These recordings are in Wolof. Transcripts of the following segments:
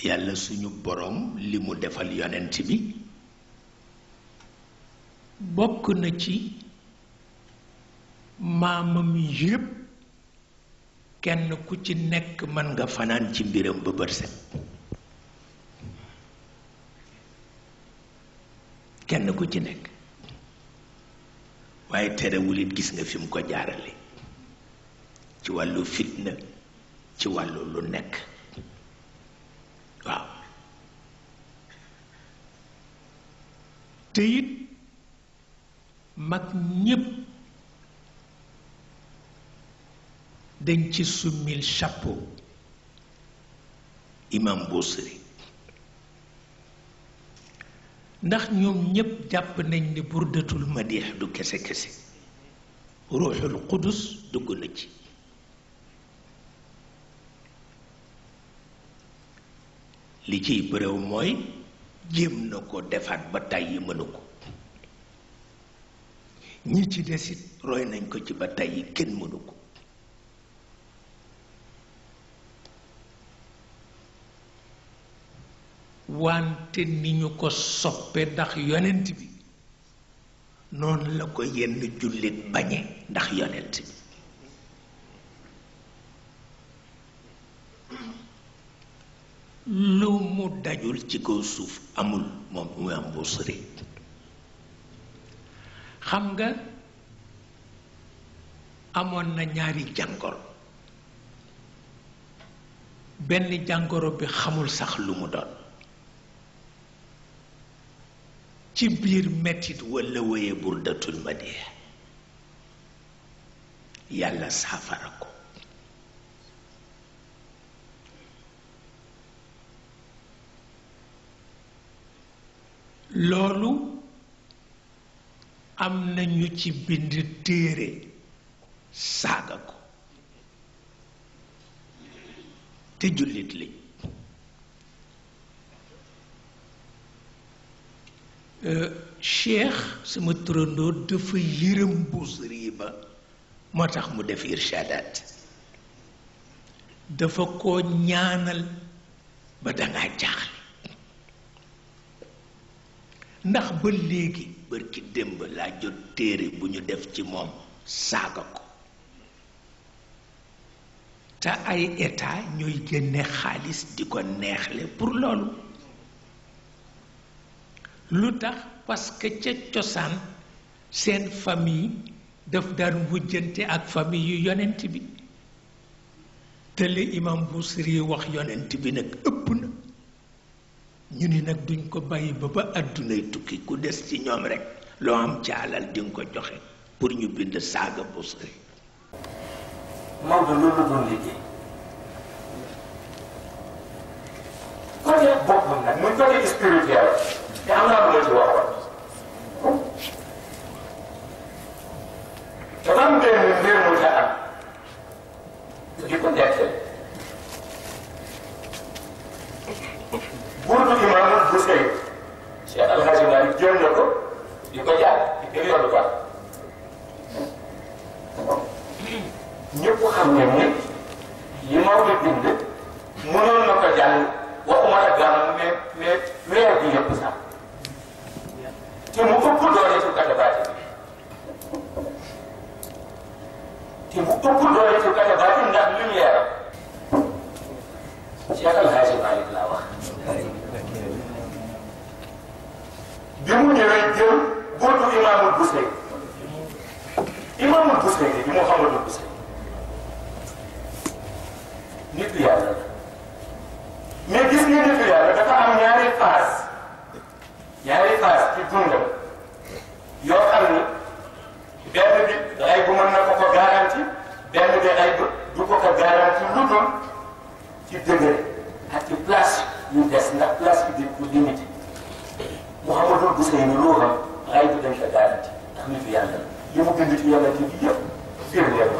yàlla suñu boroom li mu defal yonent bi bokk na ci maamam yépp kenn ku ci nekk mën nga fanaan ci mbiram ba bërset kenn ku ci nekk waaye terewul it gis nga fi mu ko jaarale ci wàllu fitna ci wàllu lu nekk te it mag ñépp dañ ci summil chapeau imam Bousiri ndax ñoom ñépp jàpp nañ ni burdatul madix du kese kese ruuxul qudus dugg na ci li ciy bëréw mooy jéem na ko defaat ba tàyyi mënu ko ñi ci desit roy nañ ko ci ba tàyyi kenn mënu ko wante ni ñu ko soppe ndax yonent bi noonu la ko yenn jullit bañe ndax yonent bi lu mu dajul ci kaw suuf amul moom imaam Busiri xam nga amoon na ñaari jàngoro benn jàngoro bi xamul sax lu mu doon ci biir mettit walla wéye burdatul madiha yàlla saafara ko loolu am na ñu ci bind téere saaga ko te jullit li euh, cheikh sama turandoo dafa yërëm Buusiri ba moo tax mu def irshaadaat dafa ko ñaanal ba dangaa jaaxle ndax ba léegi bërki démb laa jot téere bu ñu def ci moom saaga ko te ay état ñooy génne xaalis di ko neexle pour loolu lu tax parce ca cosaan seen famille daf daan wujjante ak famille yu yonent bi te li imam Busiri wax yonent bi nag ëpp na ñu ni nag duñ ko bàyyi ba ba àddunay tukki ku des ci ñoom rekk loo am ci alal ko joxe pour ñu bind saaga bu sëri Maodo loolu boppam nag muy côté spirituel te am naa lu damu mais mais meer bi yëpp sax te mu ëpp doole ci côté baati te mu ëpp doole ci côté baati ndax lumière am Cheikh El Hadji Malick laa wax bi mu ñëwee jël góotu imaamul Busiri imaamul Busiri bi Muhammadul Busiri nit ku yàlla la dund yoo xam ni benn bi rey bu mën na ko ko garanti benn bi rey bu du ko ko garanti lu dul ci dëgër ak ci place yu des ndax place bi du limité Mouhamadou Bouseyni ruuxam rey bu dañ ko garanti ndax nit yàlla li mu bind ci yàlla ci bi yëpp firndeel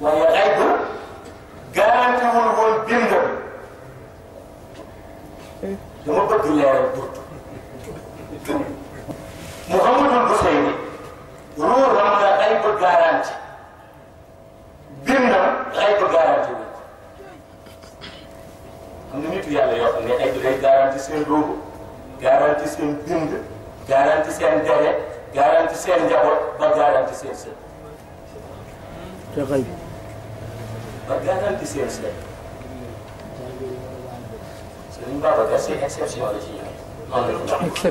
waaye rey bu garanti wul woon bindam dama bëgg leeral tuuti garanti bindam lay ko garanti wu xam nit yàlla yoo xam ne ay day garanti sen doogu garanti sen bind garanti seen deret garanti seen njaboot ba garanti seen sët ba garanti seen sët sëriñ Babacar si exception la ci ñoom noonu la ko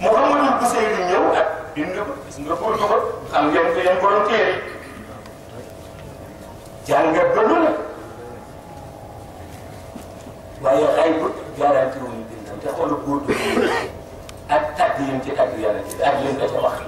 Mouhamadou Bouseyri ñëw ak bind ko gis nga am yéen ci leen borom téere jàngat ba lu ne waaye te xoolu góor du ak tàgg yi ci tàgg yàlla ci ak yéen da ca wax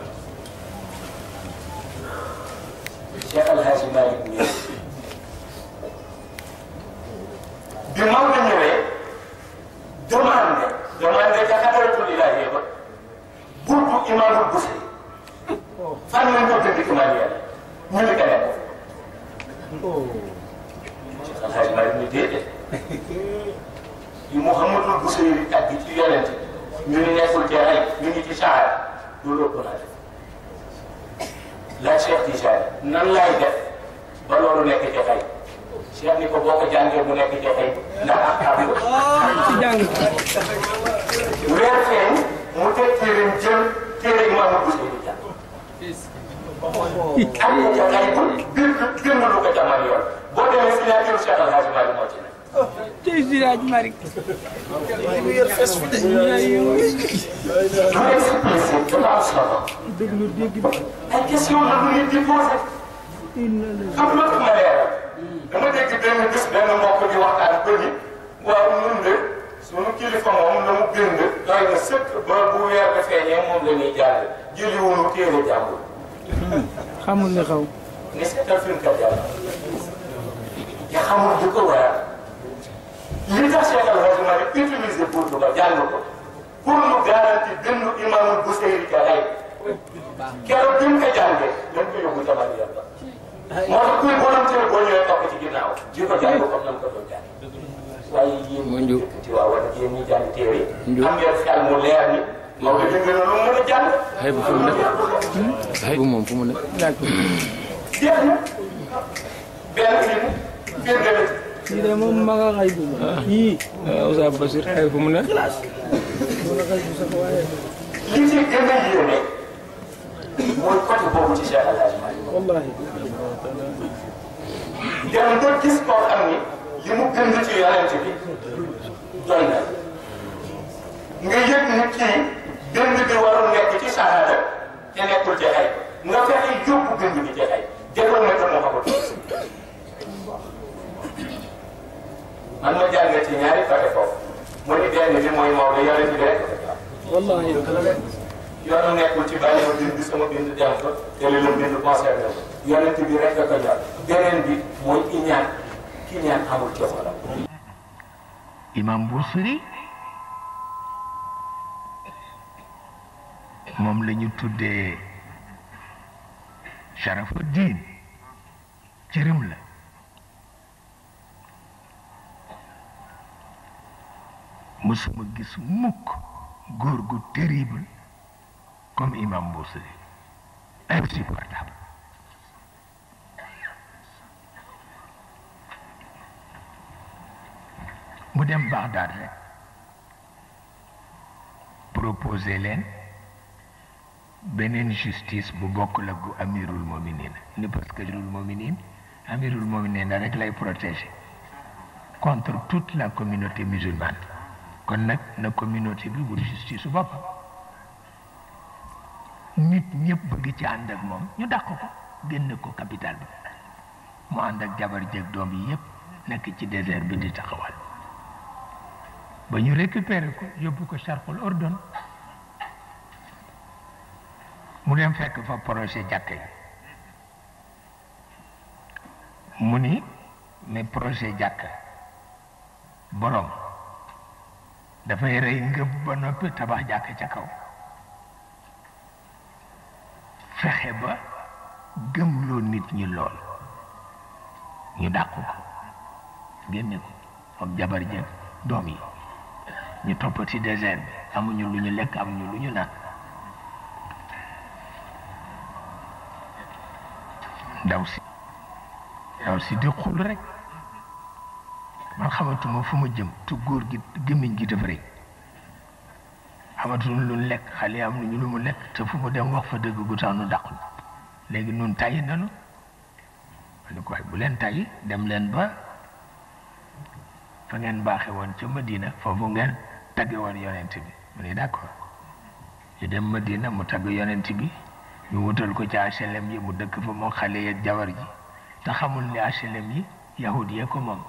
yu Muhammadul Busiri ak ci yonent ñu ngi nekkul ci rey ñu ngi ci saar loolu ëpp naa def laaj Cheikh Tijaan nan laay def ba loolu nekk ci xay Cheikh ni ko boo ko jàngee mu nekk ci xay ndax ak ab la. weer feeñ mu teg téereem jël téere Mamadou Busiri jàng. am na ca xay bu bind bind lu ko jamal yoon boo demee signature Cheikh Al Hadj Malick moo ci nekk. tey si laaj Malick. mu yor fes fu de. déglu dégg bi. ay question la mu ngi di posé. xam nga ku ma leer. dama dégg benn bés benn mbokk di waxtaan ko ni waaw ñun de sunu kilifa moom la mu bind doy na sëkk ba bu weer bi feeñee moom la ñuy jàll jëli wu ñu téere jàmbur. xamul ne xaw. nga seetal fi mu ko jàll. nga xamul du ko waral. li tax Cheikh El Hadj Malick utilisé burdu ba jàng ko pour mu garanti dënnu imaamul Busayri ca lay keroog bi mu ko jàngee dañ ko yóbbu jabar yàlla moo tax kuy volontaire boo ñëwee topp ci ginnaaw ji ko jàng comme na mu ko doon jàng waaye yéen ñi ci waa wala yéen ñi jàng téere yi am ngeen xel mu leer ni Maodo jënd na lu mu mën a jàng xëy bu fu mu nekk xëy bu moom fu mu nekk jeex na benn nit firnde lii de moom ma nga xay bu ah. yii ah, Oustaz Bachir xay fu mu ne li ci gën a yéeme mooy côté boobu ci Cheikh El Hadj Malick wallaahi dem ba gis koo xam ni li mu bind ci yonent bi doy na nga yëg ni kii bind bi warul nekk ci sahaada te nekkul ci xay nga fexe yóbbu bind bi ci xay déggoo nekk moo ko man ma jàngee ci ñaari côté foofu mu ni benn mooy Maodo yore bi rek. wallaahi yoonu nekkul ci bàyyi ma bind sama bind dem ko la bind concerné ko yonent bi rek da ko jot beneen ki ñaan amul joxala imam Busiri moom la ñu tuddee Sharafuddin cërëm la mësuma gis mukk góor gu terrible comme imam Bousiri insupportable mu dem Bagdad rek proposé leen beneen justice bu bokk la gu amirul mominin ni parce que amirul mominin amirul mominin rek lay protéger contre toute la communauté musulmane kon nag na communauté bi wut justice su boppam nit ñëpp bëgg ci ànd ak moom ñu dàq ko génn ko capital bi mu ànd ak jabar jeeg doom yi yëpp nekk ci désert bi di taxawal ba ñu récupérer ko yóbbu ko charqul ordon mu dem fekk fa projet jàkka yi mu ni mais projet jàkk borom dafay rey ngëm ba noppi tabax jàkk ca kaw fexe ba gëmloo nit ñi lool ñu dàq ko génne ko moom jabar jeeg doom yi ñu toppati désert bi amuñu lu ñu lekk amuñu lu ñu naan ndaw si ndaw si di xul rek man xamatuma fu ma jëm te góor gi gémmiñ gi dafa rëy xamatuma lu lekk xale yi am nañu lu mu lekk te fu mu dem wax fa dëgg gu tax nu dàqul léegi nun tàyyi nanu ma bu leen tàyyi dem leen ba fa ngeen baaxe woon ca Madina foofu ngeen tagge woon yonent bi mu ne d'accord ñu dem Madina mu tagg yonent bi ñu wutal ko ci HLM yi mu dëkk fa moom xale yeeg jabar ji te xamul ne HLM yi yahud yee ko moom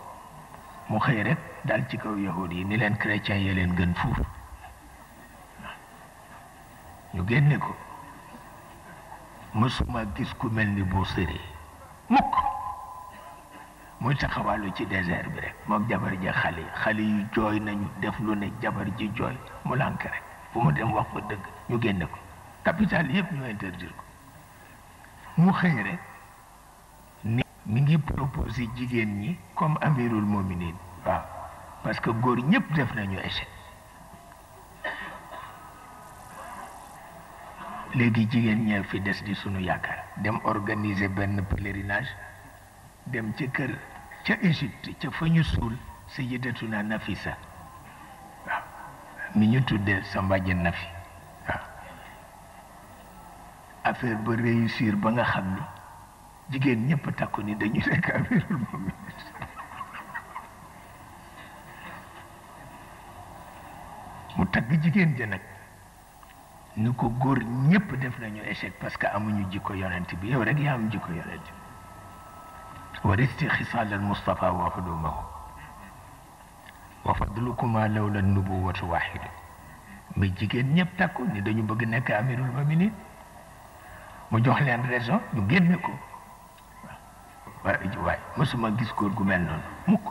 mu xëy rek dal ci kaw yahud yi ni leen chrétien yee leen gën fuuf ñu génne ko mësuma gis ku mel ni Buusiri mukk muy taxawalu ci désert bi rek mook jabar ji xale yi xale yu jooy nañu def lu ne jabar ji jooy mu lànk rek fu mu dem wax fa dëgg ñu génne ko capital yëpp ñu interdire ko mu xëy rek mi ngi proposé jigéen ñi comme amirul mominin waaw parce que góor ñëpp def nañu échec léegi jigéen ñee fi des di sunu yaakaar dem organiser benn pèlerinage dem ca kër ca Égypte ca fa ñu suul sayyidatuna Nafisa waaw ni ñu tuddee sa mbàjj Nafi waaw affaire ba réussir ba nga xam ni jigéen ñëpp takku ni dañuy nekk amirul mu'minin mu tagg jigéen ji nag ñu ko góor ñëpp def nañu échec parce que amuñu jikko yonent bi yow rek yaa am jikko yonent bi waristi xisaalal Mustafa wa xudumahu wa fadlukuma lawla nubuwatu waxidu mais jigéen ñëpp takku ni dañu bëgg nekk amirul mu'minin mu jox leen raison ñu génne ko waay waay mosuma gis góor gu mel noonu mukk